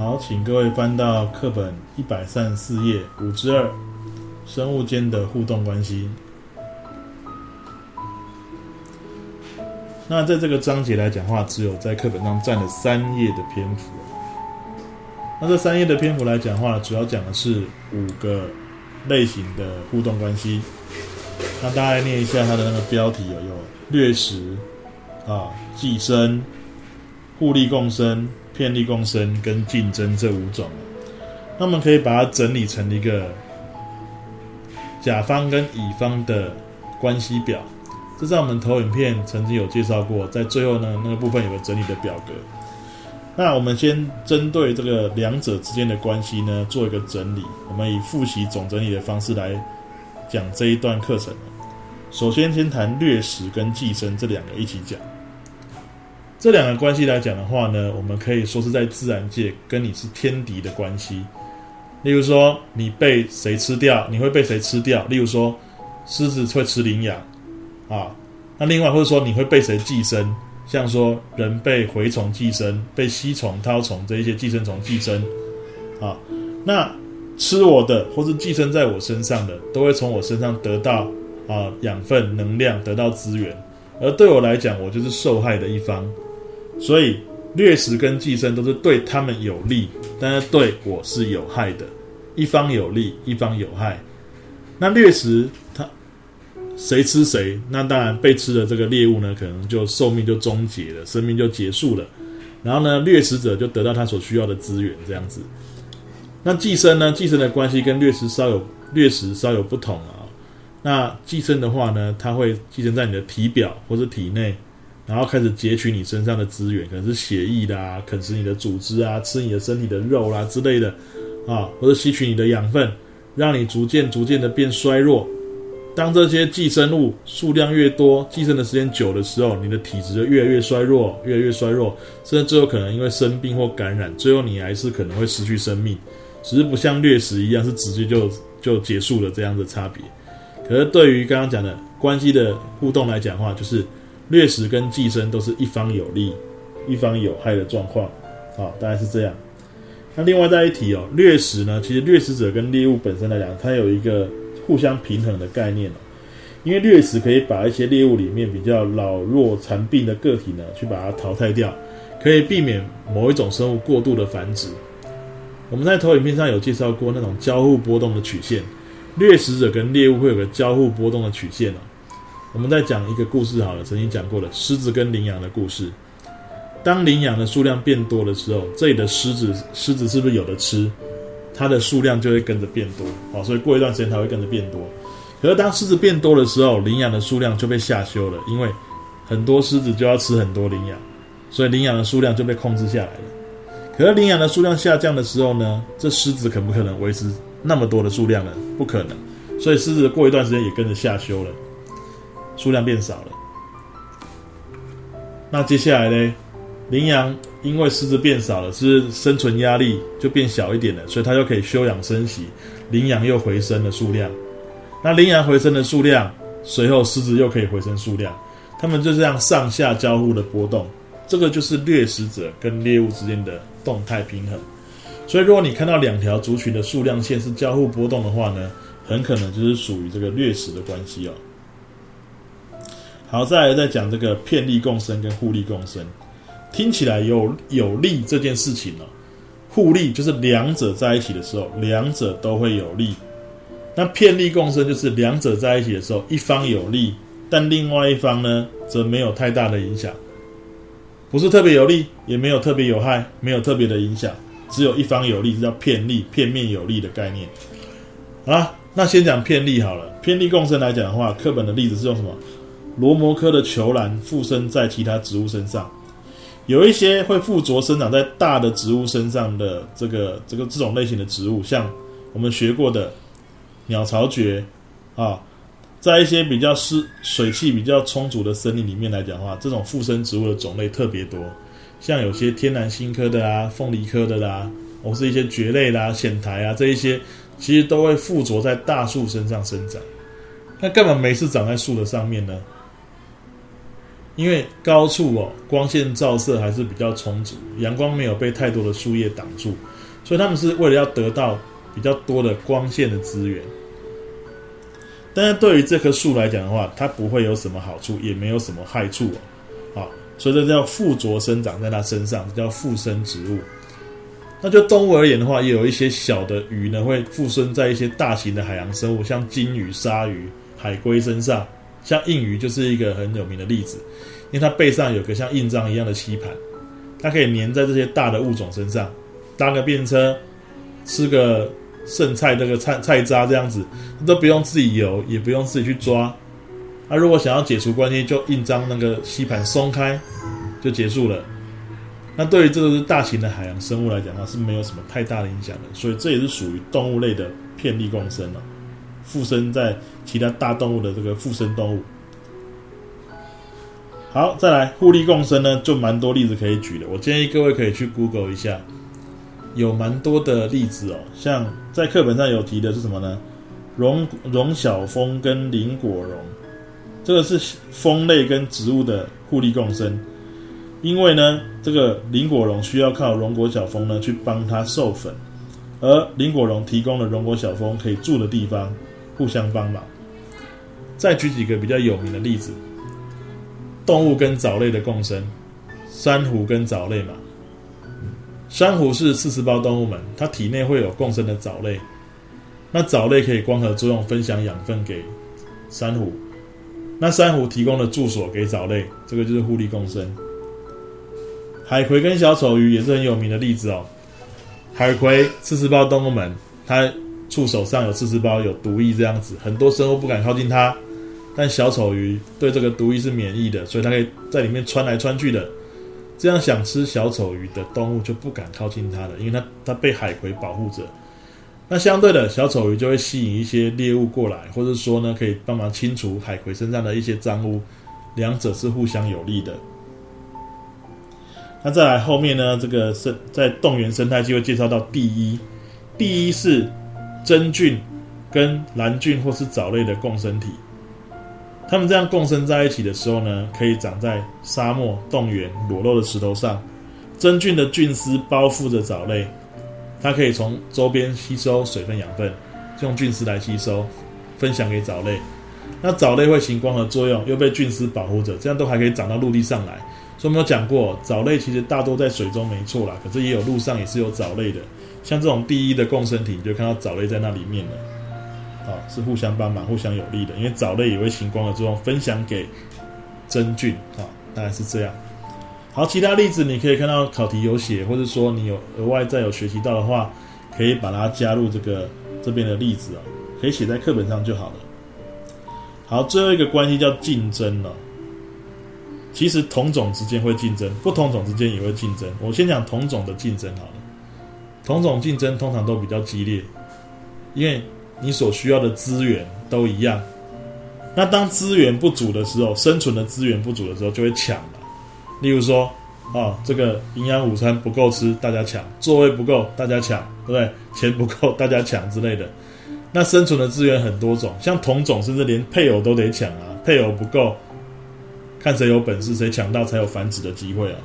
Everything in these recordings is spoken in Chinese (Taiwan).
好，請各位翻到課本一百三十四頁五之二，2, 生物間的互動關係。那在這個章節來講話，只有在課本上佔了三頁的篇幅。那這三頁的篇幅來講話，主要講的是五個類型的互動關係。那大家來念一下它的那個標題有、哦、有掠食啊、寄生、互利共生。互利共生跟競爭這五種，那我們可以把它整理成一個甲方跟乙方的關係表。這在我們投影片曾經有介紹過，在最後呢那個部分有個整理的表格。那我們先針對這個兩者之間的關係呢做一個整理，我們以複習總整理的方式來講這一段課程。首先先談掠食跟寄生這兩個一起講。這兩個關係來講的話呢，我們可以說是在自然界跟你是天敵的關係。例如說，你被誰吃掉，你會被誰吃掉？例如說，獅子會吃羚羊啊。那另外或者說你會被誰寄生？像說人被蛔蟲寄生，被吸蟲、絛蟲這一些寄生蟲寄生啊。那吃我的，或是寄生在我身上的，都會從我身上得到啊養分、能量，得到資源。而對我來講，我就是受害的一方。所以，掠食跟寄生都是對他們有利，但是對我是有害的。一方有利，一方有害。那掠食，它誰吃誰？那當然被吃的這個獵物呢，可能就壽命就終結了，生命就結束了。然後呢，掠食者就得到他所需要的資源，這樣子。那寄生呢？寄生的關係跟掠食稍有掠食稍有不同啊。那寄生的話呢，它會寄生在你的體表或是體內。然後開始截取你身上的資源，可能是血液啦、啊，啃食你的組織啊，吃你的身體的肉啦、啊、之類的，啊，或者吸取你的養分，讓你逐漸逐漸的變衰弱。當這些寄生物數量越多，寄生的時間久的時候，你的體質就越來越衰弱，越來越衰弱，甚至最後可能因為生病或感染，最後你還是可能會失去生命。只是不像掠食一樣，是直接就就結束了這樣的差別。可是對於剛剛講的關係的互動來講的話，就是。掠食跟寄生都是一方有利，一方有害的狀況，好，哦，大概是這樣。那另外再一提哦，掠食呢，其實掠食者跟獵物本身來講，它有一個互相平衡的概念哦，因為掠食可以把一些獵物裡面比較老弱殘病的個體呢，去把它淘汰掉，可以避免某一種生物過度的繁殖。我們在投影片上有介紹過那種交互波動的曲線，掠食者跟獵物會有個交互波動的曲線哦。我們再講一個故事好了，曾經講過的獅子跟羚羊的故事。當羚羊的數量變多的時候，這裡的獅子，獅子是不是有的吃？它的數量就會跟着變多，好，所以過一段時間它會跟着變多。可是當獅子變多的時候，羚羊的數量就被下修了，因為很多獅子就要吃很多羚羊，所以羚羊的數量就被控制下來了。可是羚羊的數量下降的時候呢，這獅子可不可能維持那麼多的數量呢？不可能，所以獅子過一段時間也跟着下修了。數量變少了，那接下來呢？羚羊因為獅子變少了，是生存壓力就變小一點了，所以它就可以休養生息，羚羊又回升了數量。那羚羊回升的數量，隨後獅子又可以回升數量，它們就這樣上下交互的波動。這個就是掠食者跟獵物之間的動態平衡。所以，如果你看到兩條族群的數量線是交互波動的話呢，很可能就是屬於這個掠食的關係哦。好，再來再講這個片利共生跟互利共生，聽起來有有利這件事情呢、哦。互利就是兩者在一起的時候，兩者都會有利。那片利共生就是兩者在一起的時候，一方有利，但另外一方呢，則沒有太大的影響，不是特別有利，也沒有特別有害，沒有特別的影響，只有一方有利，叫片利、片面有利的概念。好了，那先講片利好了。片利共生來講的話，課本的例子是用什麼？羅摩科的球蘭附生，在其他植物身上，有一些會附着生長在大的植物身上的這個這個這種類型的植物，像我們學過的鳥巢蕨啊，在一些比較濕、水氣比較充足的森林裡面來講的話，這種附生植物的種類特別多，像有些天南星科的啊、鳳梨科的啦、啊，或是一些蕨類啦、啊、蘚苔啊這一些，其實都會附着在大樹身上生長。那幹嘛沒事長在樹的上面呢？因為高處哦，光線照射還是比較充足，陽光沒有被太多的樹葉擋住，所以他們是為了要得到比較多的光線的資源。但是對於這棵樹來講的話，它不會有什麼好處，也沒有什麼害處哦。好，啊，所以這叫附着生長，在它身上叫附生植物。那就動物而言的話，也有一些小的魚呢，會附生在一些大型的海洋生物，像鯨魚、鯊魚、海龜身上。像印魚就是一個很有名的例子，因為它背上有個像印章一樣的吸盤，它可以粘在這些大的物種身上，搭個便車，吃個剩菜那、這個菜菜渣這樣子，都不用自己游，也不用自己去抓。它、啊、如果想要解除關係，就印章那個吸盤鬆開，就結束了。那對於這個大型的海洋生物來講的話，它是沒有什麼太大的影響的，所以這也是屬於動物類的偏利共生了。附生在其他大動物的這個附生動物，好，再來互利共生呢，就蠻多例子可以舉的。我建議各位可以去 Google 一下，有蠻多的例子哦。像在課本上有提的是什麼呢？榕榕小蜂跟林果榕，這個是蜂類跟植物的互利共生。因為呢，這個林果榕需要靠榕果小蜂呢去幫它授粉，而林果榕提供了榕果小蜂可以住的地方。互相幫忙。再舉幾個比較有名的例子：動物跟藻類的共生，珊瑚跟藻類嘛。珊瑚是刺絲胞動物門，它體內會有共生的藻類。那藻類可以光合作用，分享養分給珊瑚。那珊瑚提供的住所給藻類，這個就是互利共生。海葵跟小丑魚也是很有名的例子哦。海葵刺絲胞動物門，它。觸手上有刺絲胞，有毒液這樣子，很多生物不敢靠近它。但小丑魚對這個毒液是免疫的，所以它可以在裡面穿來穿去的。這樣想吃小丑魚的動物就不敢靠近它了，因為它它被海葵保護着。那相對的，小丑魚就會吸引一些獵物過來，或者說呢，可以幫忙清除海葵身上的一些髒污。兩者是互相有利的。那再來後面呢，這個生在動員生態就會介紹到第一，第一是。真菌跟藍菌或是藻類的共生體，它們這樣共生在一起的時候呢，可以長在沙漠、凍原、裸露的石頭上。真菌的菌絲包覆着藻類，它可以從周邊吸收水分養分，用菌絲來吸收，分享給藻類。那藻類會行光合作用，又被菌絲保護着，這樣都還可以長到陸地上來。所以，我們有講過，藻類其實大多在水中沒錯啦，可是也有陸上也是有藻類的。像這種地衣的共生體，你就看到藻類在那裡面了，啊、哦，是互相幫忙、互相有利的，因為藻類也會行光合作用之後，分享給真菌，啊、哦，大概是這樣。好，其他例子你可以看到考題有寫，或者說你有額外再有學習到的話，可以把它加入這個這邊的例子啊、哦，可以寫在課本上就好了。好，最後一個關係叫競爭了、哦。其實同種之間會競爭，不同種之間也會競爭。我先講同種的競爭好了。同種競爭通常都比較激烈，因為你所需要的資源都一樣。那當資源不足的時候，生存的資源不足的時候就會搶了。例如說，啊，這個營養午餐不夠吃，大家搶；座位不夠，大家搶，對不對？錢不夠，大家搶之類的。那生存的資源很多種，像同種甚至連配偶都得搶啊，配偶不夠，看誰有本事，誰搶到才有繁殖的機會啊。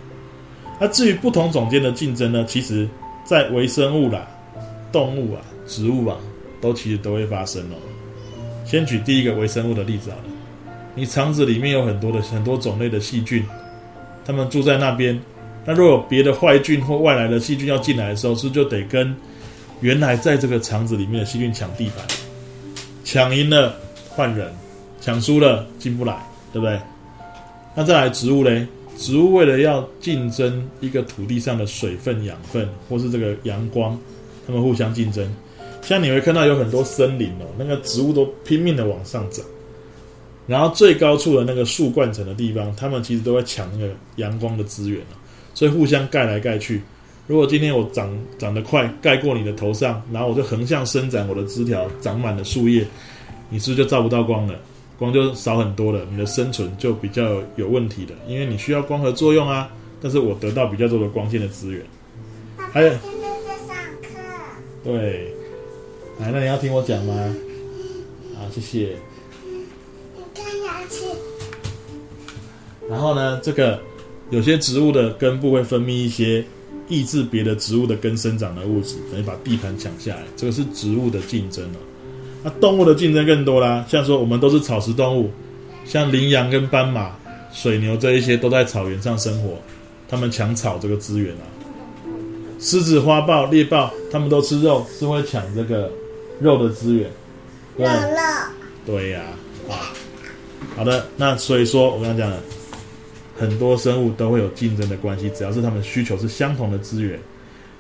那、啊、至於不同種間的競爭呢，其實。在微生物啦、動物啊、植物啊，都其實都會發生哦。先舉第一個微生物的例子好了，你腸子裡面有很多的很多種類的細菌，他們住在那邊。那如果有別的壞菌或外來的細菌要進來的時候，是不是就得跟原來在這個腸子裡面的細菌搶地盤？搶贏了換人，搶輸了進不來，對不對？那再來植物嘞。植物為了要競爭一個土地上的水分、養分，或是這個陽光，它們互相競爭。像你會看到有很多森林哦，那個植物都拼命的往上長。然後最高處的那個樹冠層的地方，它們其實都在搶那個陽光的資源，所以互相蓋來蓋去。如果今天我長長得快，蓋過你的頭上，然後我就橫向伸展我的枝條，長滿了樹葉，你是不是就照不到光了？光就少很多了，你的生存就比較有，有問題了，因為你需要光合作用啊。但是我得到比較多的光線的資源。還有現在在上課。對，來，那你要聽我講嗎？啊、嗯嗯嗯，好，謝謝。嗯、你看牙齒。然後呢，這個有些植物的根部會分泌一些抑制別的植物的根生長的物質，等於把地盤搶下來。這個是植物的競爭喔那、啊、動物的競爭更多啦、啊，像說我們都是草食動物，像羚羊跟斑馬、水牛這一些都在草原上生活，他們搶草這個資源啊。獅子、花豹、獵豹，他們都吃肉，是會搶這個肉的資源。肉肉。了對呀、啊啊。好的，那所以說我跟他講了，很多生物都會有競爭的關係，只要是他們需求是相同的資源，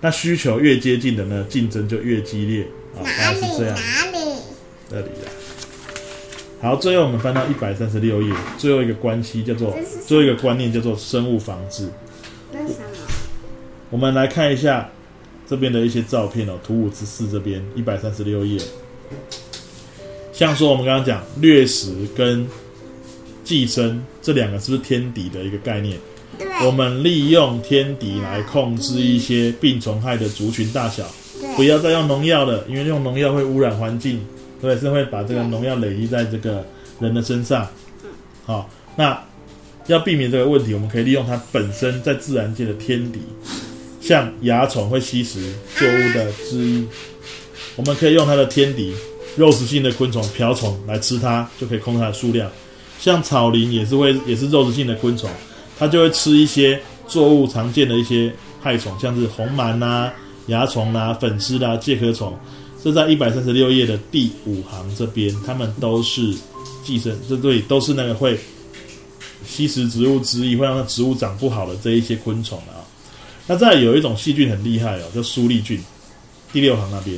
那需求越接近的呢，競爭就越激烈啊，大概是這樣。這裡的、啊，好，最後我們翻到一百三十六頁，最後一個關係叫做，最後一個觀念叫做生物防治。我們來看一下這邊的一些照片哦，圖五之四這邊一百三十六頁。像說我們剛剛講掠食跟寄生這兩個是不是天敵的一個概念？我們利用天敵來控制一些病蟲害的族群大小。不要再用農藥了，因為用農藥會污染環境。所以是會把這個農藥累積在這個人的身上。好，那要避免這個問題，我們可以利用它本身在自然界的天敵，像蚜蟲會吸食作物的汁液，我們可以用它的天敵肉食性的昆蟲瓢蟲來吃它，就可以控制它的數量。像草蛉，也是會，也是肉食性的昆蟲，它就會吃一些作物常見的一些害蟲，像是紅蟎啊、蚜蟲啊、粉蝨啦、啊、介殼蟲。這在一百三十六頁的第五行這邊，它們都是寄生。這對都是那個會吸食植物汁液、會讓那植物長不好的這一些昆蟲啊。那再有一種細菌很厲害哦，叫蘇力菌，第六行那邊，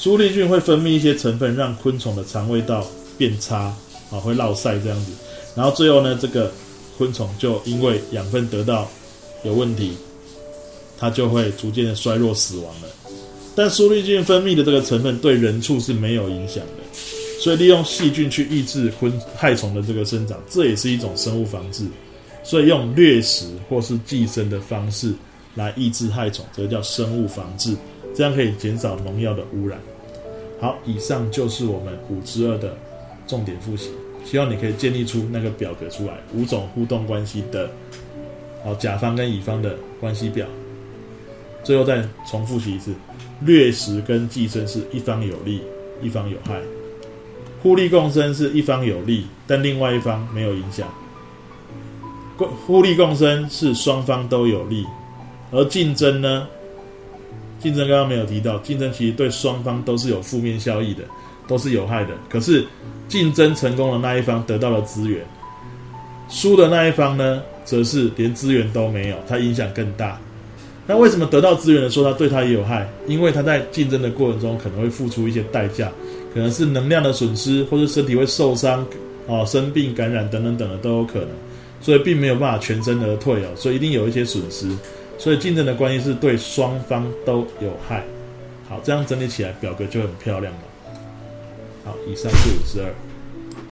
蘇力菌會分泌一些成分，讓昆蟲的腸胃道變差啊，會落賽這樣子。然後最後呢，這個昆蟲就因為養分得到有問題，它就會逐漸的衰弱死亡了。但蘇力菌分泌的這個成分對人畜是沒有影響的，所以利用細菌去抑制昆害蟲的這個生長，這也是一種生物防治。所以用掠食或是寄生的方式來抑制害蟲，這個叫生物防治。這樣可以減少農藥的汙染。好，以上就是我們五之二的重點複習，希望你可以建立出那個表格出來，五種互動關係的，好，甲方跟乙方的關係表。最後再重複習一次，掠食跟寄生是一方有利，一方有害；互利共生是一方有利，但另外一方沒有影響。互利共生是雙方都有利，而競爭呢？競爭剛剛沒有提到，競爭其實對雙方都是有負面效益的，都是有害的。可是競爭成功的那一方得到了資源，輸的那一方呢，則是連資源都沒有，它影響更大。那為什麼得到資源的時候他對他也有害？因為他在競爭的過程中可能會付出一些代價，可能是能量的損失，或者身體會受傷、啊、哦、生病、感染等等等等的都有可能，所以並沒有辦法全身而退哦，所以一定有一些損失，所以競爭的關係是對雙方都有害。好，這樣整理起來表格就很漂亮了。好，以上是五十二。